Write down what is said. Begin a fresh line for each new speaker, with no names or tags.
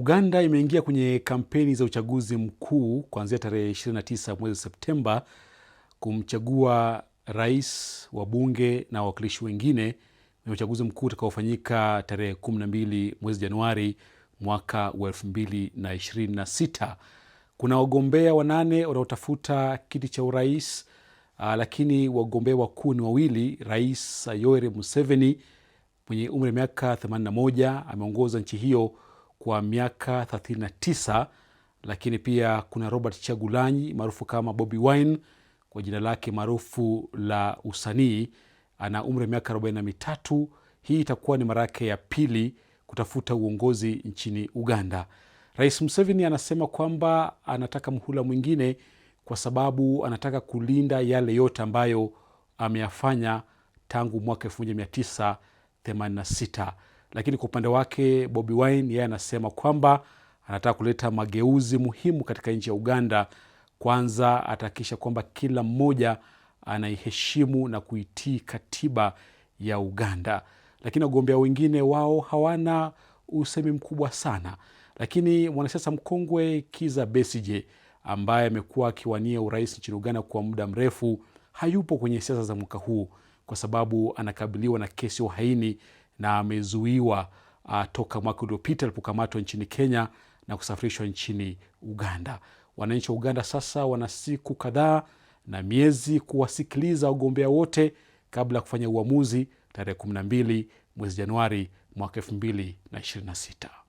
Uganda imeingia kwenye kampeni za uchaguzi mkuu kuanzia tarehe 29 mwezi Septemba kumchagua rais, wabunge na wawakilishi wengine na uchaguzi mkuu utakaofanyika tarehe 12 mwezi Januari mwaka wa 2026. Kuna wagombea wanane wanaotafuta kiti cha urais, ah, lakini wagombea wakuu ni wawili. Rais Yoweri Museveni mwenye umri wa miaka 81 ameongoza nchi hiyo kwa miaka 39 lakini pia kuna Robert Chagulanyi maarufu kama Bobi Wine kwa jina lake maarufu la usanii, ana umri wa miaka 43. Hii itakuwa ni mara yake ya pili kutafuta uongozi nchini Uganda. Rais Museveni anasema kwamba anataka mhula mwingine kwa sababu anataka kulinda yale yote ambayo ameyafanya tangu mwaka 1986. Lakini kwa upande wake Bobi Wine yeye anasema kwamba anataka kuleta mageuzi muhimu katika nchi ya Uganda. Kwanza atahakikisha kwamba kila mmoja anaiheshimu na kuitii katiba ya Uganda. Lakini wagombea wengine wao hawana usemi mkubwa sana, lakini mwanasiasa mkongwe Kiza Besije ambaye amekuwa akiwania urais nchini Uganda kwa muda mrefu hayupo kwenye siasa za mwaka huu kwa sababu anakabiliwa na kesi uhaini na amezuiwa uh, toka mwaka uliopita alipokamatwa nchini Kenya na kusafirishwa nchini Uganda. Wananchi wa Uganda sasa wana siku kadhaa na miezi kuwasikiliza wagombea wote kabla ya kufanya uamuzi tarehe 12 mwezi Januari mwaka 2026.